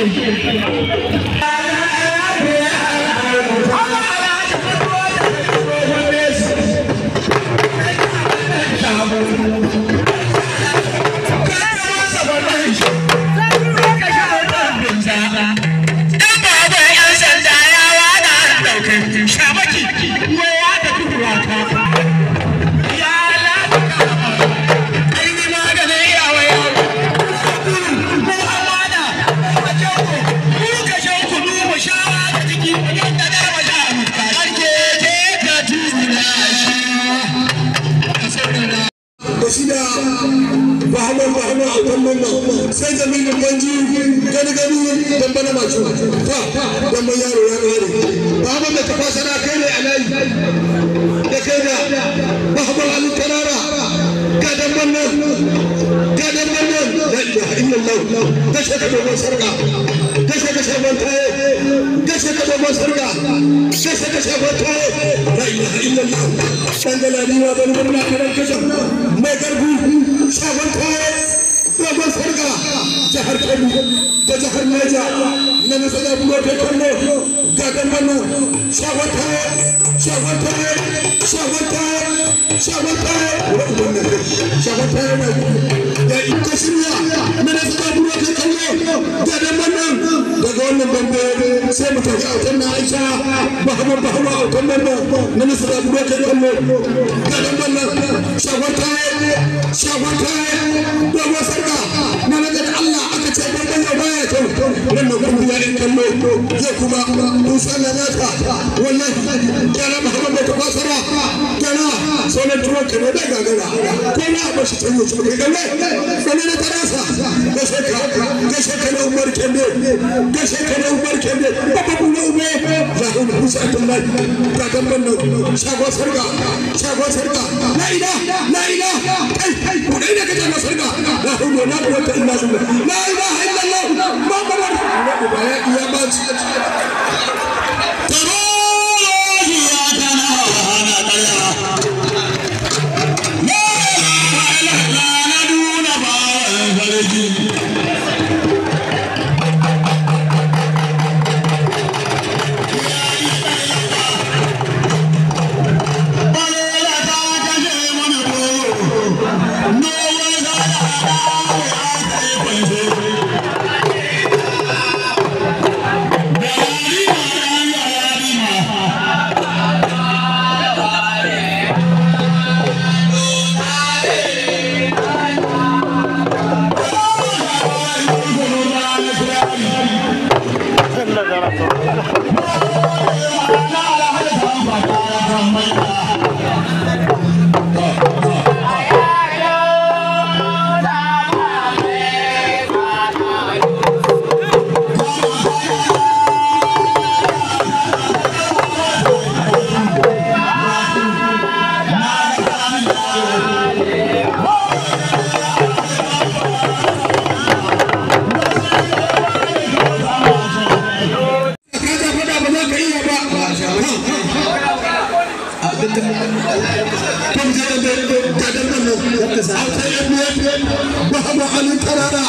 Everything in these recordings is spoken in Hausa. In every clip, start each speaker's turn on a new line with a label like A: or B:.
A: Thank you. শেষে দেশে বছরে সন্ধ্যা নিয়ে বলবেন আপনাদের জন্য মেঘের গুণ সাবন খায় প্রবল সরকার যাহার খেলু তো যাহার নিয়ে যা নেমে সদা বুড়োটে খেললো গাদের মানো সাবন খায় সাবন খায় সাবন খায় সাবন খায় সাবন খায় ka shirya minista duro ka kallo da da wannan daga wannan bambe sai mu tafi autan na aisha mahamman bahama autan bambe minista duro ka kallo da da wannan shagwata shagwata dogon sarka na daga Allah aka ce bambe ya baya kyau wannan kungiya in kallo zai kuma dusa na nata wallahi gyara mahamman da ta basara gyara sauran tuwon gagara kowa a bashi tsaye ce mai gane wani na tarasa da shekara da shekara umar kende da shekara umar kende babba bule ume zahun musa abdullahi ta gamban nan shago sarga shago sarga la ila la ila kai kai ku dai da kaje na sarga la hawla la quwwata illa billah la ilaha illallah muhammadur rasulullah ya ba Thank you. Akwai yan uwan Bahamu Ali Karara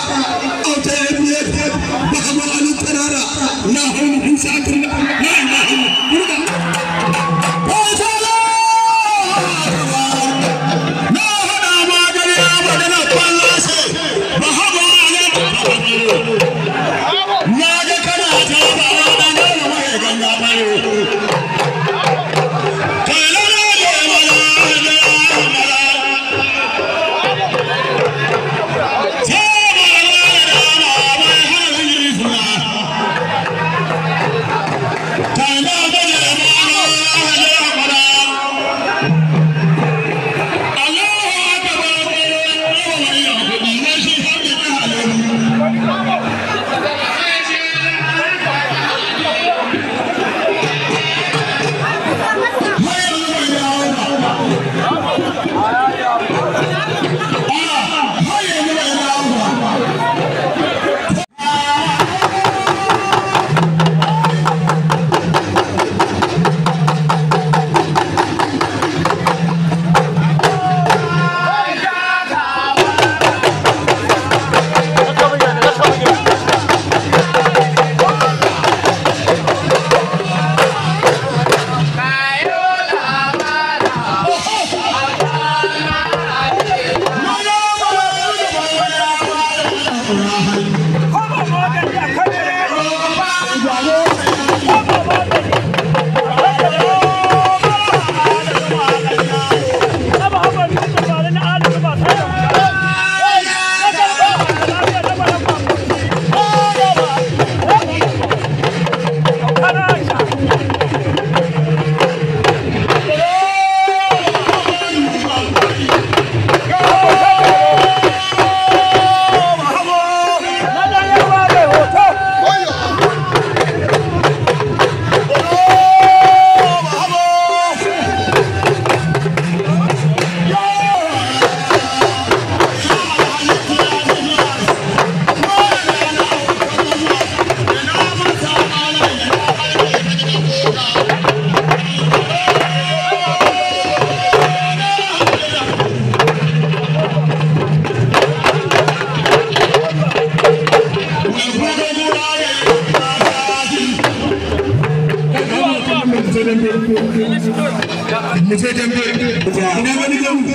A: mu je dambe ina wani gamu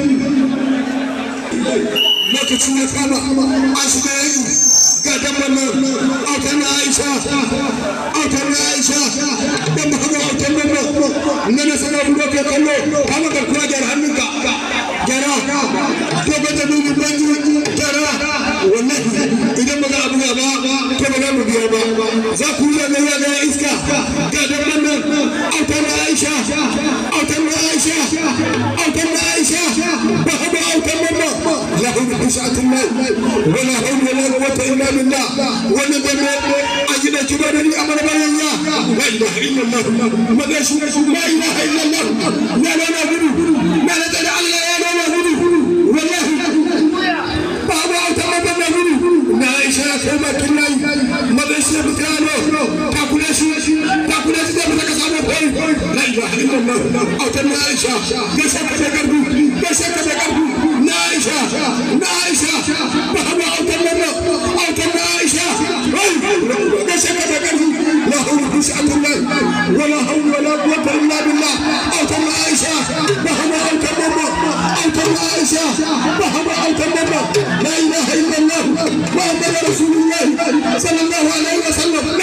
A: lokaci na kama an shiga yanzu ga dabban nan autan na aisha autan na aisha dan ba haka autan nan nan na sana ruwa ke kallo kama garkuwa gyara hannunka gyara ko ba ta dubi banji gyara wallahi idan ba za a buga ba ko ba za mu biya ba za ku yi wala hawla wala quwwata illa billah wala dama ajida kibana ni ولا حول ولا قوة إلا بالله أنتم عائشة مهما أنتم أمة أنتم عائشة مهما أنتم أمة لا إله إلا الله وأنت رسول الله صلى الله عليه وسلم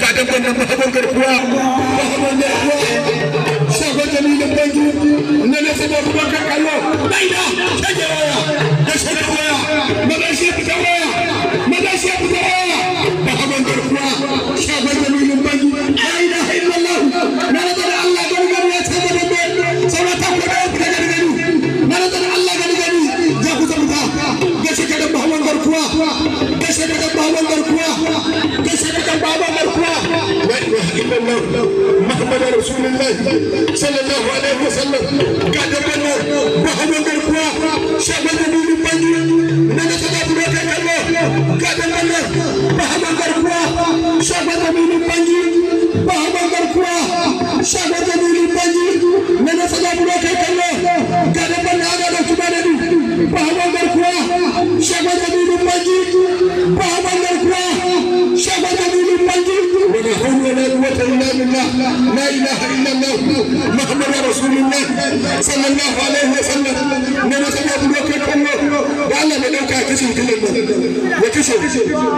A: ga dabban nan mahaban garkuwa mahaban garkuwa shagon dalilin banki na nasa ba kuma kan kallo bai الله محمد رسول الله صلى الله عليه وسلم قد بنا محمد إلا بالله لا إله إلا الله محمد رسول الله صلى الله عليه وسلم نبي صلى الله عليه وسلم والله ما دوكا كشي كلمة وكشي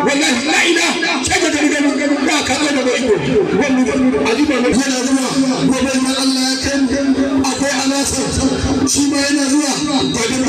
A: والله لا إله شجع جريدة لا كلمة بعيدة والله عجيب ما نقول هذا وبين الله كان أبو على سر شيء ما ينزل بعدين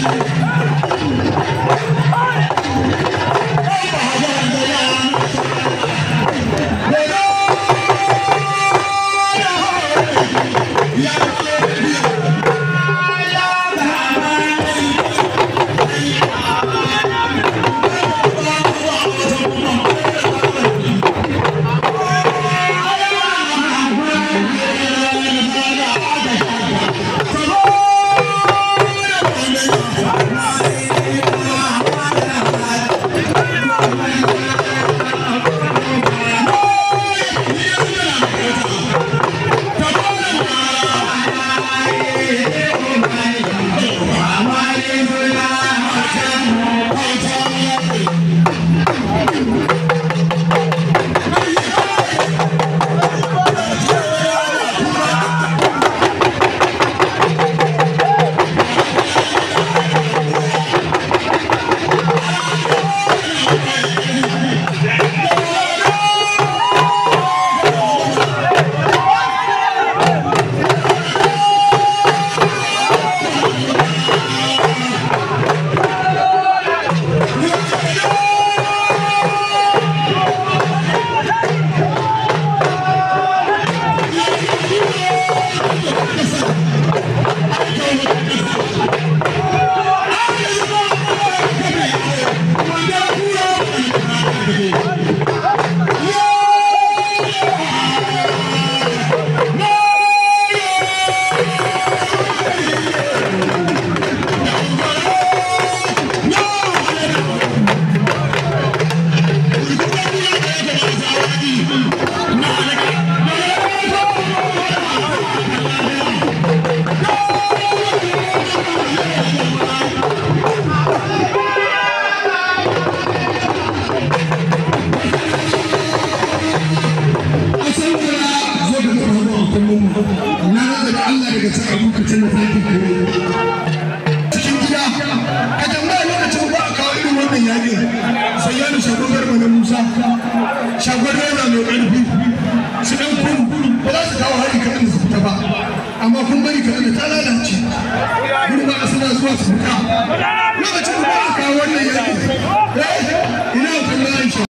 A: Thank you.